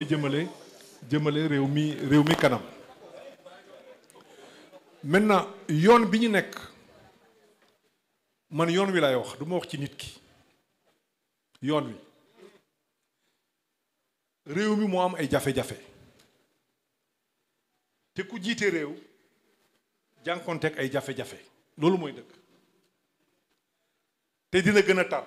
jëmale jëmale réew mi réew mi kanam maintenant yoon bi ñu nekk man yoon wi laay wax du ma wax ci nit ki yoon wi réew mi moo am ay jafe-jafe te ku jiite réew jànkonteeg ay jafe-jafe loolu mooy dëgg te dina gën a tar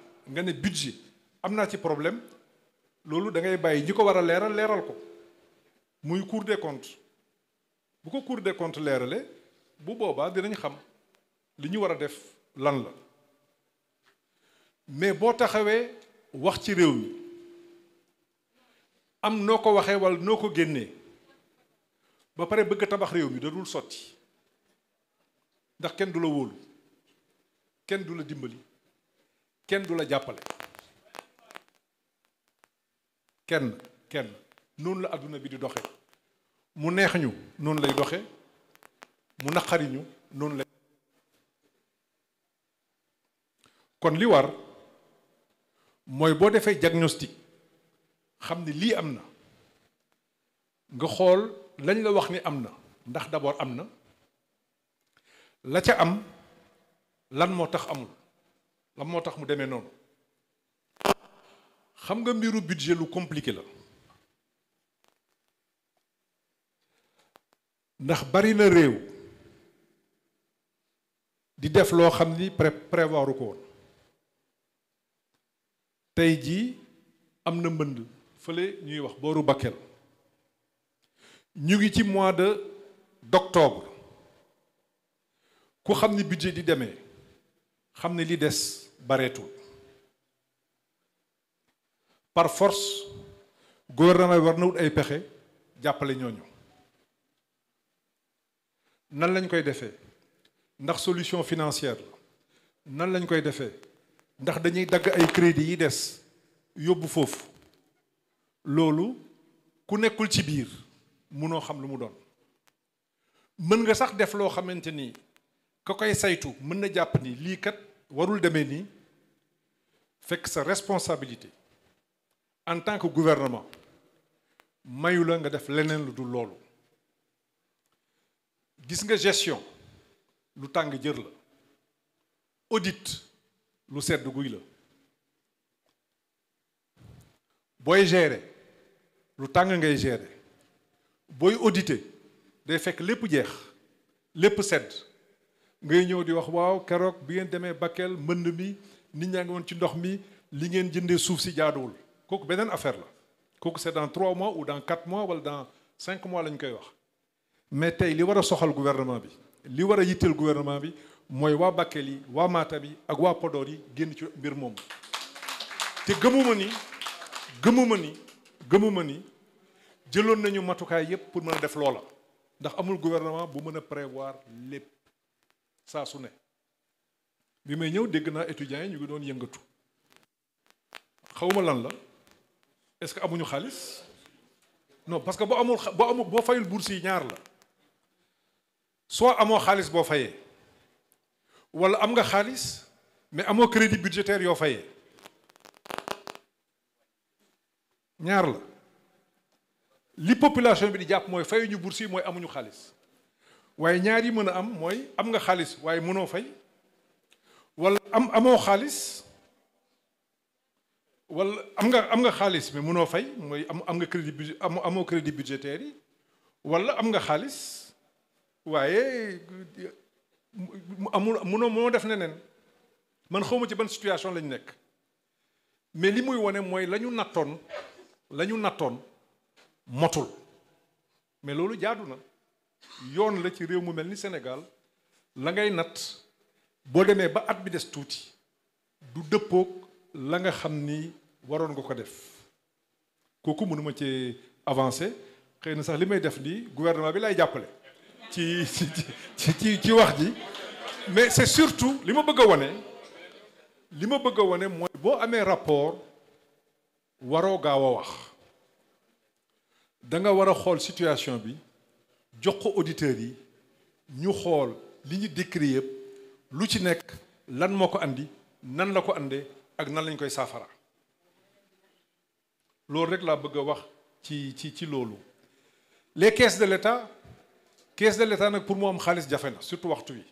nga ne budget am naa ci problème loolu da ngay bàyyi ñi ko war a leeral leeral ko muy cour des comptes bu ko cour des comptes leerale bu boobaa dinañ xam li ñu war a def lan la mais boo taxawee wax ci réew mi am noo ko waxee walla noo ko génnee ba pare bëgg tabax réew mi da sotti ndax kenn du la wóolu kenn du la dimbali kenn du la jàppale kenn kenn noonu la àdduna bi di doxe mu neex ñu noonu lay doxe mu naqari ñu noonu lay kon li war mooy boo defee diagnostic xam ne lii am na nga xool lañ la wax ni am na ndax d'abord am na la ca am lan moo tax amul la moo tax mu demee noonu xam nga mbiru budget lu compliqué la ndax bari na réew di def loo xam ni pré prévoiru ko woon tey jii am na mbënd fële ñuy wax booru Bakel ñu ngi ci mois de d'octobre ku xam ni budget di demee xam ne li des bareetul par force gouvernement bi war na wut ay pexe jàppale ñooñu nan lañ koy defee ndax solution financière nan lañ koy defee ndax dañuy dagg ay crédit yi des yóbbu foofu loolu ku nekkul ci biir munoo xam lu mu doon mën nga sax def loo xamante ni ka koy saytu mën na jàpp ni lii kat warul Demeni fait sa responsabilité en tant que gouvernement mayu la nga def leneen lu dul gestion lu la audit lu sedd guy la booy gérer lu tàng ngay gérer booy auditer day ngay ñëw di wax waaw keroog bi ngeen demee Bakel mbënd mi nit ñaa ngi woon ci ndox mi li ngeen jënde suuf si jaaduwul kooku beneen affaire la kooku c'est dans trois mois ou dans quatre mois wala dans cinq mois lañu koy wax mais tey li war a soxal gouvernement bi li war a yitteel gouvernement bi mooy waa Bakel yi waa Matam yi ak waa Podor yi génn ci mbir moomu te gëmuma ni gëmuma ni gëmuma ni jëloon nañu matukaay yépp pour mën a def loola ndax amul gouvernement bu mën a prévoir lépp sa su ne bi may ñëw dégg naa étudiants yi ñu ngi doon yëngatu xawma lan la est-ce que amuñu xaalis non parce que bo amul bo amul bo fayul bourse yi ñaar la soit amoo xaalis boo fayee wala am nga xaalis mais amoo crédit budgétaire yoo fayee ñaar la li population bi di jàpp mooy fayuñu bourse yi amuñu xaalis waaye ñaar yi mën a am mooy am nga xaalis waaye mënoo fay wala am amoo xaalis wala am nga am nga xaalis mais mënoo fay mooy am am nga crédit budget amoo crédit budgétaire yi wala am nga xaalis waaye amul mënoo mënoo def neneen man xawma ci ban situation lañ nekk mais li muy wone mooy la ñu nattoon la ñu nattoon motul mais loolu jaadu na yoon la ci réew mu mel ni Sénégal la ngay nat boo demee ba at bi des tuuti du dëppook la nga xam ni waroon nga ko def kooku mënuma cee avancé xëy na sax li may def nii gouvernement bi lay jàppale ci ci ci wax ji mais c'est surtout li ma bëgg a wane li ma bëgg a wane mooy boo amee rapport waroo gaaw a wax danga nga war a xool situation bi jox ko auditeurs yi ñu xool li ñu décrit yëpp lu ci nekk lan moo ko andi nan la ko andee ak nan lañ koy saafara loolu rek laa bëgg a wax ci ci ci loolu les caisses de l'État caisse de l'État nag pour mu am xaalis jafe na surtout waxtu wi